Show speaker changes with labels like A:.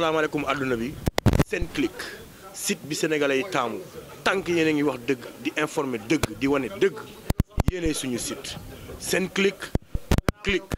A: salaamaaleykum àdduna bi seen Senclic site bi sénégal yi taamu tànk yéen a ngi wax dëgg di informer dëgg di wane dëgg yéenay suñu site Senclic
B: clic